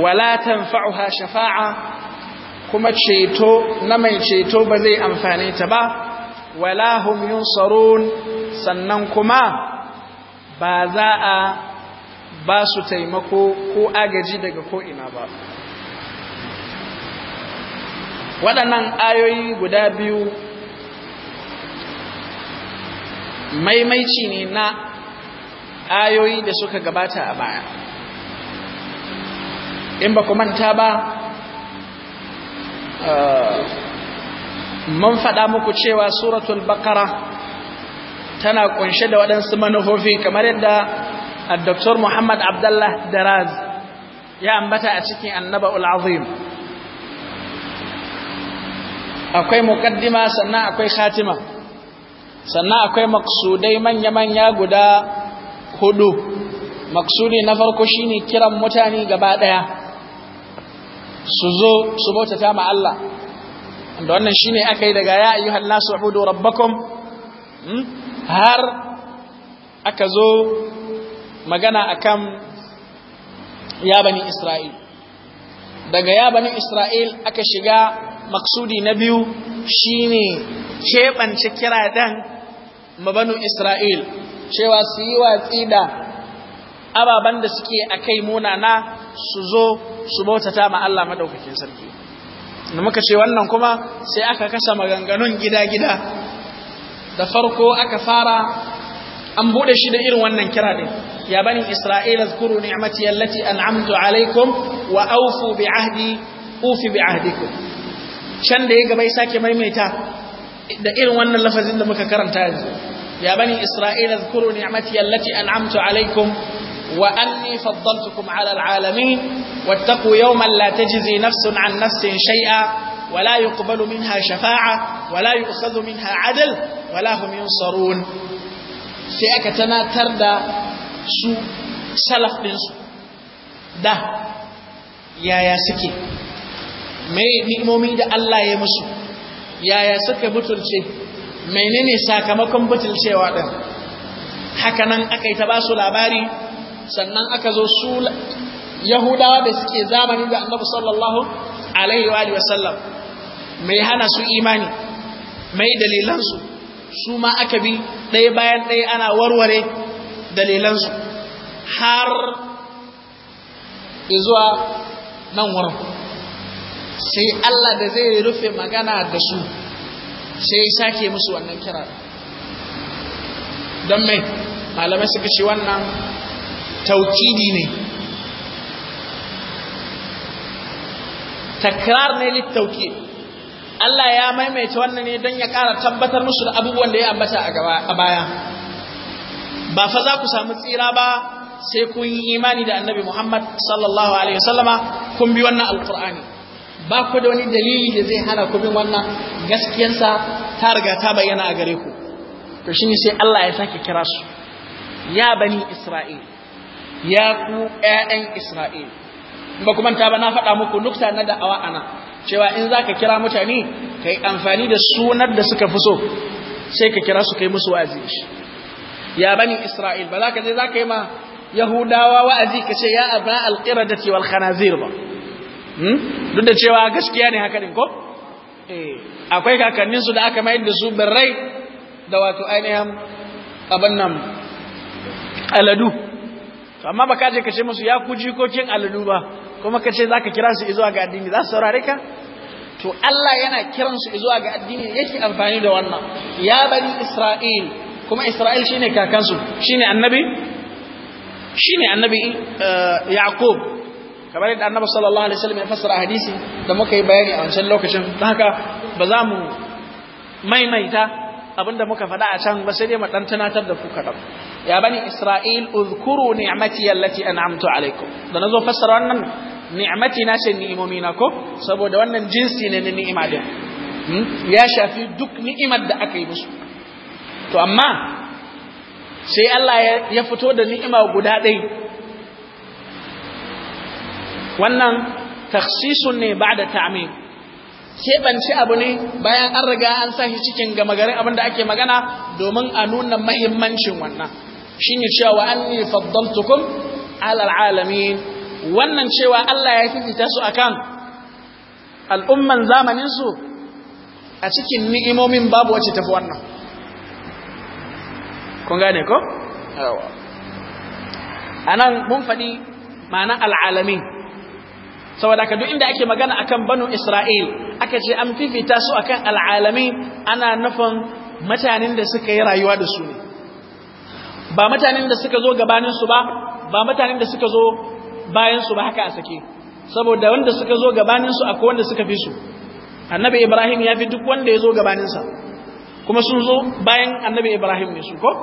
wala tanfa'uha shafa'a kuma ceto na mai ceto ba zai amfani ta ba wala hum yunsarun sannan kuma ba za a ba su taimako ko agaji daga ko'ina ba waɗannan ayoyi guda biyu maimaici ne na ayoyi da suka gabata a baya in ba ku manta ba eh, mun faɗa muku cewa suratul bakara tana kunshe da waɗansu manufofi kamar yadda Dr. Muhammad Abdullah Daraz ya ambata a cikin annaba ul'azim akwai muƙaddima sannan akwai khatima sannan akwai maksudai manya-manya guda hudu maksudi na farko shine kiran mutane gaba daya su zo su bautata ma Allah da wannan shine aka yi daga ya ayyuhan nasu ubudu rabbakum hmm? har aka zo magana akan ya bani Isra'il daga ya bani Isra'il aka shiga maksudi na biyu shine keɓance kira dan mabanu Isra'il cewa su yi watsi da ababen da suke a kai munana su zo su bautata ma Allah madaukakin sarki da muka ce wannan kuma sai aka kasa maganganun gida-gida da farko aka fara an buɗe shi da irin wannan kira din ya bani isra'ila zkuru ni'mati allati an'amtu alaikum wa awfu bi ahdi ufi bi ahdikum can da ya gaba ya sake maimaita da irin wannan lafazin da muka karanta yanzu ya bani isra'ila zkuru ni'mati allati an'amtu alaykum wa anni faddaltukum 'ala al'alamin wattaqu yawman la tajzi nafsun 'an nafsin shay'a ولا يقبل منها شفاعة ولا يؤخذ منها عدل ولا هم ينصرون sai aka tanatar da su salaf ɗinsu da yaya suke mai ni'imomi da Allah ya musu yaya suka mutunce menene sakamakon cewa din haka nan aka yi ta ba su labari sannan aka zo su yahudawa da suke zamani da annabi sallallahu alaihi wa alihi wasallam mai hana su imani mai dalilansu su ma aka bi ɗaya bayan ɗaya ana warware dalilansu har zuwa nan wurin sai Allah da zai rufe magana da su sai ya sake musu wannan kira don mai malamai suka ce wannan taukidi ne takrar ne littauki Allah ya maimaita wannan ne don ya kara tabbatar musu da abubuwan da ya ambata a baya ba fa za ku samu tsira ba sai kun yi imani da annabi Muhammad sallallahu alaihi wasallama kun bi wannan alkur'ani ba ku da wani dalili da zai hana ku bin wannan gaskiyarsa ta riga ta bayyana a gare ku to shine sai Allah ya sake kira su ya bani Isra'il ya ku ƴaƴan Isra'il ba kuma ta ba na faɗa muku nuksa na da'awa ana cewa in zaka kira mutane kai amfani da sunar da suka fi so sai ka kira su kai musu wa'azi shi ya bani Isra'il ba za ka je za ka yi ma Yahudawa wa'azi ka ce ya aba alqiradati wal khanazir ba Hmm? duk da cewa gaskiya ne haka din ko eh, akwai kakanninsu da aka mayar da su birrai da wato ainihin abin nan aladu amma ba kaje je ka ce musu ya ku kokin aladu ba kuma ka ce za ka kira su izuwa ga addini za su saurare ka to Allah yana kiransu izuwa ga addini yake amfani da wannan ya bani Isra'il kuma Isra'il shine kakansu shine annabi shine annabi eh, Yaqub kamar yadda annabi sallallahu alaihi wasallam ya fassara hadisi da muka yi bayani a wancan lokacin don haka ba za mu maimaita da muka faɗa a can ba sai dai mu dan tunatar da ku kaɗan ya bani isra'il uzkuru ni'mati allati an'amtu alaikum da nazo fassara wannan ni'mati na ce ni'imomi na ko saboda wannan jinsi ne na ni'ima din hmm? ya shafi duk ni'imar da aka yi musu to amma sai Allah ya fito da ni'ima guda ɗaya wannan takhsisun ne ba'da ta'min keɓance abu ne bayan an riga an sa shi cikin gama garin abin da ake magana domin a nuna mahimmancin wannan shine cewa anni faddaltukum alal alamin wannan cewa Allah ya fifita su akan al'umman zamanin su a cikin ni'imomin babu wacce tafi wannan kun gane ko anan mun faɗi ma'ana al'alamin saboda ka duk inda ake magana akan banu isra'il aka ce an fifita su akan al'alami ana nufin mutanen da suka yi rayuwa da su ne ba mutanen da suka zo gabaninsu ba ba mutanen da suka zo bayansu ba haka a sake saboda wanda suka zo gabaninsu akwai wanda suka fi su annabi ibrahim ya fi duk wanda ya zo gabaninsa kuma sun zo bayan annabi ibrahim ne su ko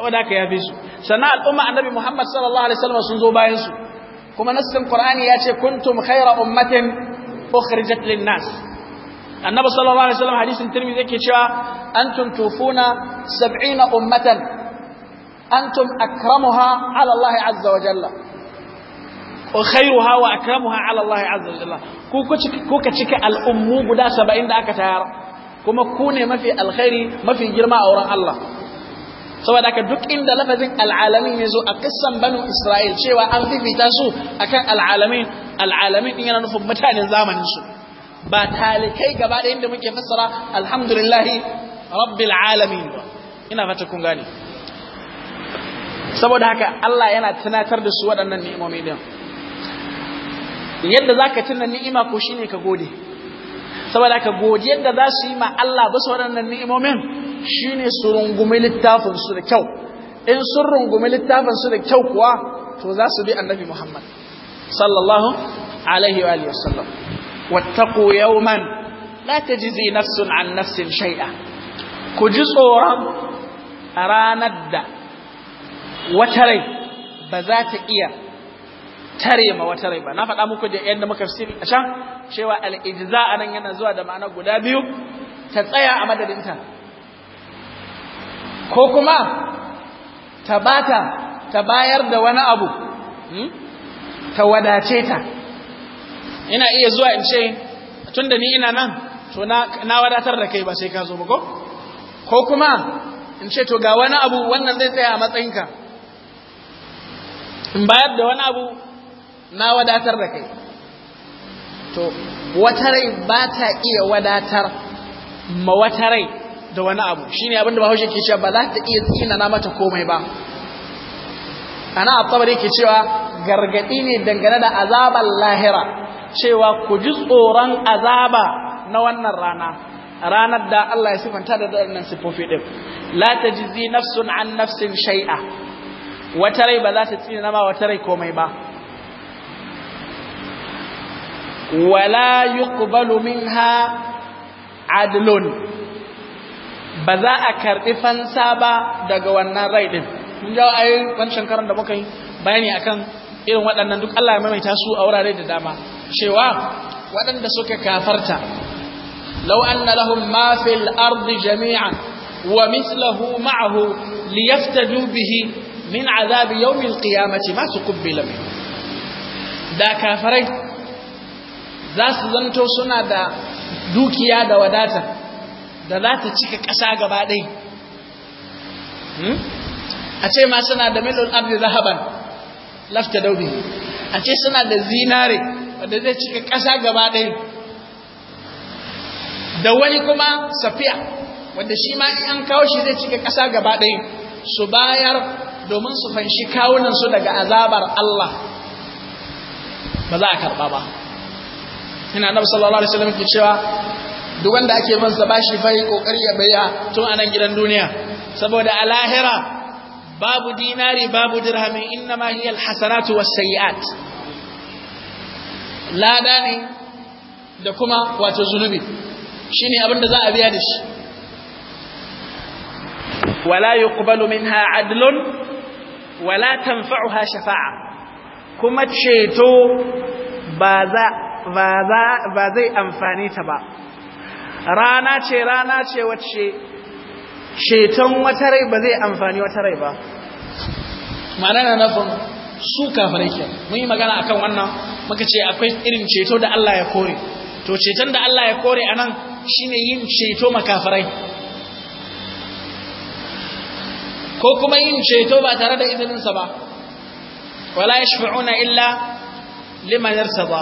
saboda haka ya fi su sannan al'umma annabi muhammad sallallahu alaihi wasallam sun zo bayansu kuma nassin qur'ani ya ce kuntum khayra ummatin ukhrijat lin-nas annabi sallallahu alaihi wasallam hadisin tirmidhi yake cewa antum tufuna 70 ummatan antum akramuha ala Allah azza wa jalla wa khayruha wa akramuha ala Allah azza wa jalla ku ku ka cika al'ummu guda 70 da aka tayar kuma ku ne mafi alkhairi mafi girma a wurin Allah saboda haka duk inda lafazin al'alami ne zo a kissan banu isra'il cewa an fifita su akan al'alami al'alamin din yana nufin mutanen zamanin su ba talikai gaba da inda muke fassara alhamdulillahi rabbil alamin ba ina fata kun gane saboda haka Allah yana tunatar da su waɗannan ni'imomi din yadda zaka tuna ni'ima ko shine ka gode saboda haka godiyar da za su yi ma Allah ba su waɗannan ni'imomin shine su rungumi littafin su da kyau in sun rungumi littafin su da kyau kuwa to za su bi annabi Muhammad sallallahu alaihi wa sallam. wasallam wattaqu yawman la tajzi nafsun an nafsin shay'a ku ji tsoron ranar da wata rai ba za ta iya tare ma wata rai ba na faɗa muku da yadda muka siri a can cewa al'ijza a nan yana zuwa da ma'ana guda biyu ta tsaya a madadinta ko kuma ta bata ta bayar da wani abu hmm? ta wadace ta ina iya zuwa in ce tun da ni ina nan to na wadatar da kai ba sai ka zo ba ko ko kuma in ce to ga wani abu wannan zai tsaya a matsayinka in bayar da wani abu na wadatar da kai to wata rai ba ta iya wadatar ma wata rai da wani abu ne abinda bahaushe ke cewa ba za ta iya tsinana mata komai ba ana at ke cewa gargadi ne dangane da azaban lahira cewa ku ji tsoron azaba na wannan rana ranar da Allah ya sifanta da waɗannan sifofi din la tajzi nafsun an nafsin shay'a wata rai ba za ta tsina ma wata rai komai ba wala yuqbalu minha adlun ba za a karɓi fansa ba daga wannan rai ɗin mun jawo a yi wancan karan da muka yi bayani akan irin waɗannan duk Allah ya maimaita su a wurare da dama cewa waɗanda suka kafarta law anna lahum ma ardi jami'an wa mislahu ma'ahu liyaftadu bihi min azabi yawmil qiyamati masu tuqbila min da kafarai za su zanto suna da dukiya da wadata da za ta cika ƙasa gaba ɗai hmm? a ce ma suna da milon abin zahaban lafta daubi a ce suna da zinare wadda zai cika ƙasa gaba ɗai da wani kuma safiya wadda shi ma an kawo shi zai cika ƙasa gaba ɗai su bayar domin su fanshi kawunansu daga azabar Allah ba za a karɓa ba ina annabi sallallahu alaihi wasallam ke cewa duk wanda ake bin sa bashi fa kokari ya baya tun anan gidan duniya saboda a lahira babu dinari babu dirhamin inna ma hiya alhasanatu wassayiat lada ne da kuma wato zunubi shine abin da za a biya da shi wala yuqbalu minha adlun wala tanfa'uha shafa'a kuma ceto ba za ba zai amfane ta ba rana ce rana ce wacce sheton wata rai ba zai amfani wata rai ba ma'ana na nufin su kafirai ke mun yi magana akan wannan muka ce akwai irin ceto da Allah ya kore to ceton da Allah ya kore anan shine yin ceto makafirai ko kuma yin ceto ba tare da izininsa ba wala yashfa'una illa liman yarsada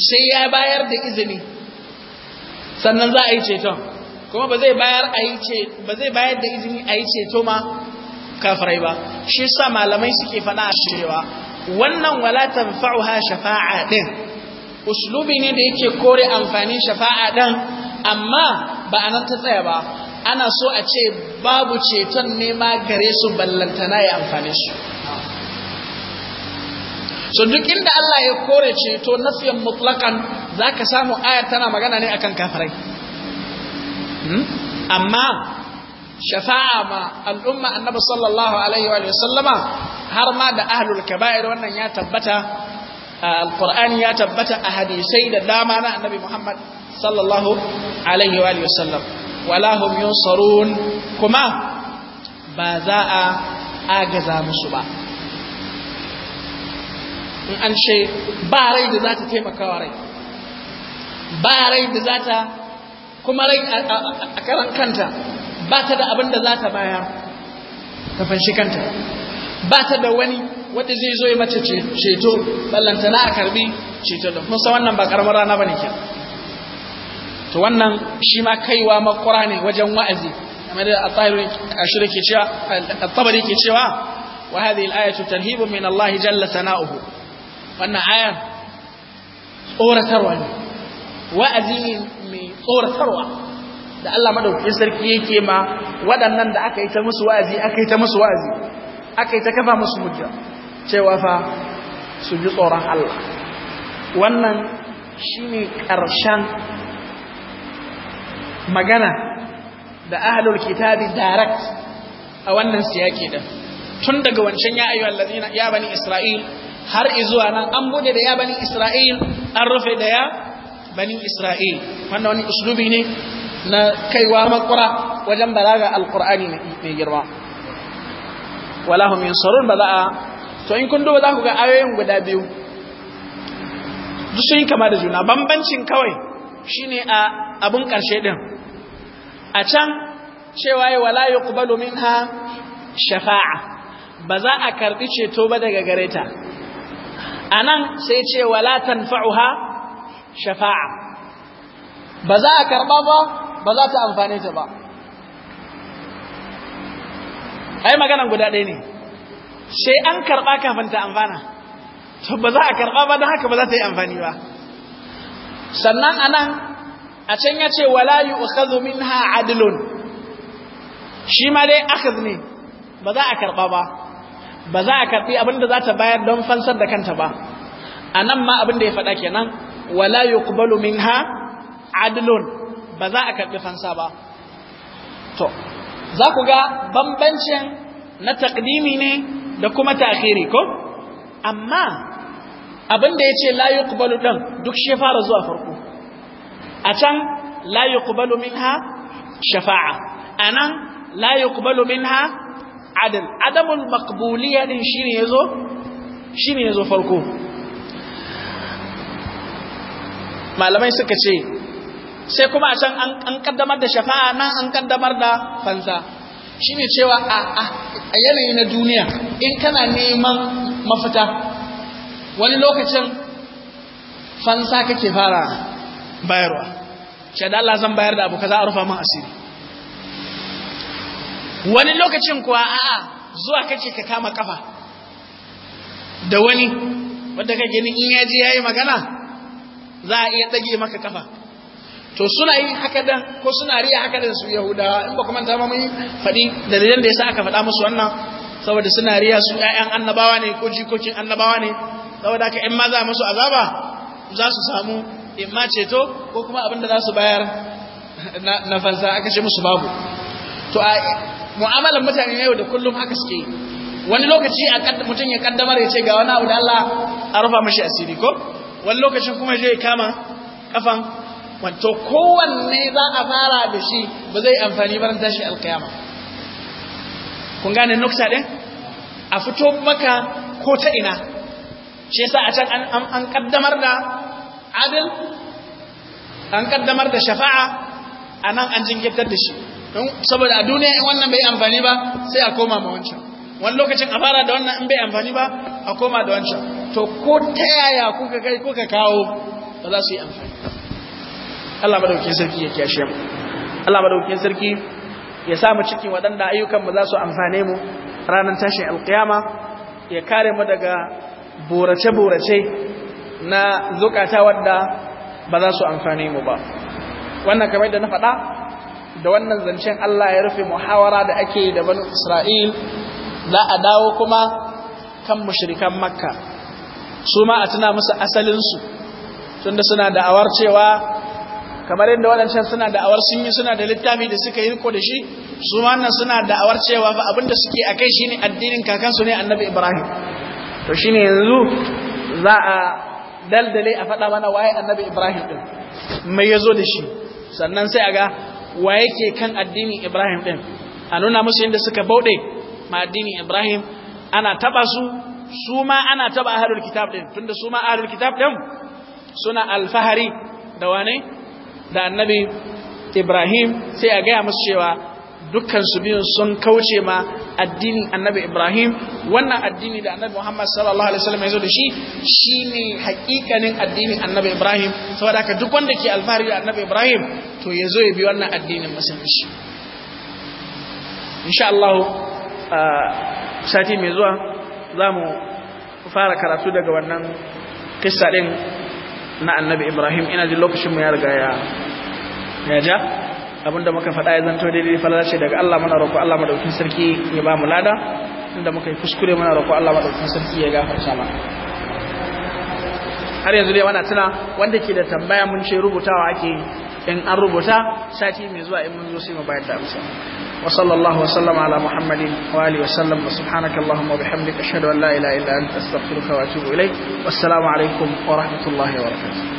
sai ya bayar da izini sannan za a yi ceton kuma ba zai bayar a yi ce ba zai bayar da izini a yi ceto ma kafirai ba shi sa malamai suke fada a cewa wannan wala ha shafa'a ɗin. uslubi ne da yake kore amfanin shafa'a ɗin, amma ba a nan ta tsaya ba ana so a ce babu ceton nema gare su ballantana ya amfani su so duk inda Allah ya kore ceto nafiyan mutlakan zaka samu ayar tana magana ne akan kafirai hmm? amma shafa'a ma al'umma annabi sallallahu alaihi wa sallama har ma da ahlul kaba'ir wannan ya tabbata alqur'ani ya tabbata a hadisai da dama na annabi muhammad sallallahu alaihi wa sallam wala hum yunsarun kuma ba za a agaza musu ba in an ce ba rai da za ta taimakawa rai ba rai da za ta kuma rai a karan kanta ba ta da abin da za ta bayar ta fanshi kanta ba ta da wani wanda zai zo ya mace ceto ballantana a karbi ceto da kun san wannan ba karamar rana ba ne ke to wannan shi ma kaiwa makura ne wajen wa'azi kamar da at-tahiri ashiri ke cewa at-tabari ke cewa wa hadhihi al-ayatu tarhibun min Allah jalla sana'uhu wannan ayar tsoratarwa ne wa'azi ne mai tsoratarwa da Allah madaukakin sarki yake ma waɗannan da aka yi ta musu wa'azi aka yi ta musu wa'azi aka yi ta kafa musu hujja cewa fa su ji tsoron Allah wannan shine ƙarshen magana da ahlul kitabi direct a wannan siyaki din tun daga wancan ya ayyuhal ladina ya bani isra'il har izuwa nan an bude da ya bani Isra'il an rufe da ya bani Isra'il wannan wani uslubi ne na kaiwa makura wajen balaga alqur'ani mai girma wala hum yansarun a. to in kun duba za ku ga ayoyin guda biyu duk kama da juna bambancin kawai shine a abun karshe din a can cewa ya wala yuqbalu minha shafa'a ba za a karbi ceto ba daga gareta a nan sai ce wala tanfa'uha shafa'a ba za a karɓa ba ba za ta amfane ta ba ai maganan guda ɗaya ne sai an karɓa kafin ta amfana to ba za a karɓa ba don haka ba za ta yi amfani ba sannan a nan a can ya ce wala yi minha adlun shi ma dai akhadh ne ba za a karɓa ba ba za a karɓi abin da za ta bayar don fansar da kanta ba a nan ma abin da ya faɗa kenan wala min ha? adlun ba za a karɓi fansa ba to za ku ga bambancin na takdimi ne da kuma ta'khiri ko amma abin da ya ce la kubalu ɗan, duk shi fara zuwa farko a can la min ha? shafa'a A nan la min ha? adal adamul maqbuliya din shine yazo shine yazo farko malamai suka ce sai kuma a can an kaddamar da shafa'a nan an kaddamar da fansa shine cewa a yanayi na duniya in kana neman mafita wani lokacin fansa kake fara bayarwa ce da Allah zan bayar da abu kaza a rufa min asiri wani lokacin kuwa a'a zuwa kace ka kama kafa da wani wanda ka gani in ya ji yayi magana za a iya dage maka kafa to suna yi haka dan ko suna riya haka dan su yahudawa in ba kuma ta mun faɗi dalilan da yasa aka fada musu wannan saboda suna riya su ƴaƴan annabawa ne ko jikokin annabawa ne saboda ka in ma za musu azaba za su samu in ma ceto ko kuma abin za su bayar na fansa aka ce musu babu to a mu'amalar mutane yau da kullum haka suke wani lokaci a mutum ya kaddamar ya ce ga wani abu da Allah a rufa mashi asiri ko wani lokacin kuma ya kama kafan wato kowanne za a fara da shi ba zai amfani ba tashi alkiyama kun gane nuksa din a fito maka ko ta ina shi yasa a can an kaddamar da adil an kaddamar da shafa'a anan an jingirtar da shi saboda a duniya in wannan bai amfani ba sai a koma ma wancan wani lokacin a fara da wannan in bai amfani ba a koma da wancan to ko ta yaya kuka kai kuka kawo ba za su yi amfani Allah madaukakin sarki ya kiyashe mu Allah madaukakin sarki ya sa mu cikin waɗanda ayyukan mu za su amfane mu ranar tashin alƙiyama ya kare mu daga borace-borace na zukata wadda ba za su amfane mu ba wannan kamar da na faɗa da wannan zancen Allah ya rufe muhawara da ake da bani Isra'il za a dawo kuma kan mushrikan Makka su ma a tuna musu asalinsu tunda suna da'awar cewa kamar yadda waɗancan suna da'awar sun yi suna da littafi da suka yi riko da shi su ma nan suna da'awar cewa ba abinda suke a kai shine addinin kakansu ne annabi Ibrahim to shine yanzu za a daldale a faɗa mana waye annabi Ibrahim din mai yazo da shi sannan sai a ga wa yake kan addinin Ibrahim ɗin? a nuna musu yadda suka bauɗe ma addinin Ibrahim ana taba su su ma ana taba ahlul kitab din tunda su ma ahlul kitab din suna alfahari da wane da annabi Ibrahim sai a gaya musu cewa Dukkansu biyu biyun sun kauce ma addinin annabi Ibrahim wannan addini da annabi Muhammad sallallahu alaihi wasallam ya zo da shi shine hakikanin addinin annabi Ibrahim saboda haka duk wanda ke alfahari da annabi Ibrahim to ya zo ya bi wannan addinin musulunci insha Allah sati mai zuwa za mu fara karatu daga wannan kissa din na annabi Ibrahim ina jin lokacin mu ya riga ya ya ja abinda muka faɗa ya zanto daidai falala ce daga Allah muna roƙo Allah madaukakin sarki ya ba mu lada inda muka yi kuskure muna roƙo Allah madaukakin sarki ya gafarta mana har yanzu dai wana tuna wanda ke da tambaya mun ce rubutawa ake in an rubuta sati mai zuwa in mun zo sai mu bayar da amsa wa sallallahu wa sallama ala muhammadin wa alihi wa sallam wa subhanaka allahumma wa bihamdika ashhadu an la ilaha illa anta astaghfiruka wa atubu ilaik wassalamu alaikum wa rahmatullahi wa barakatuh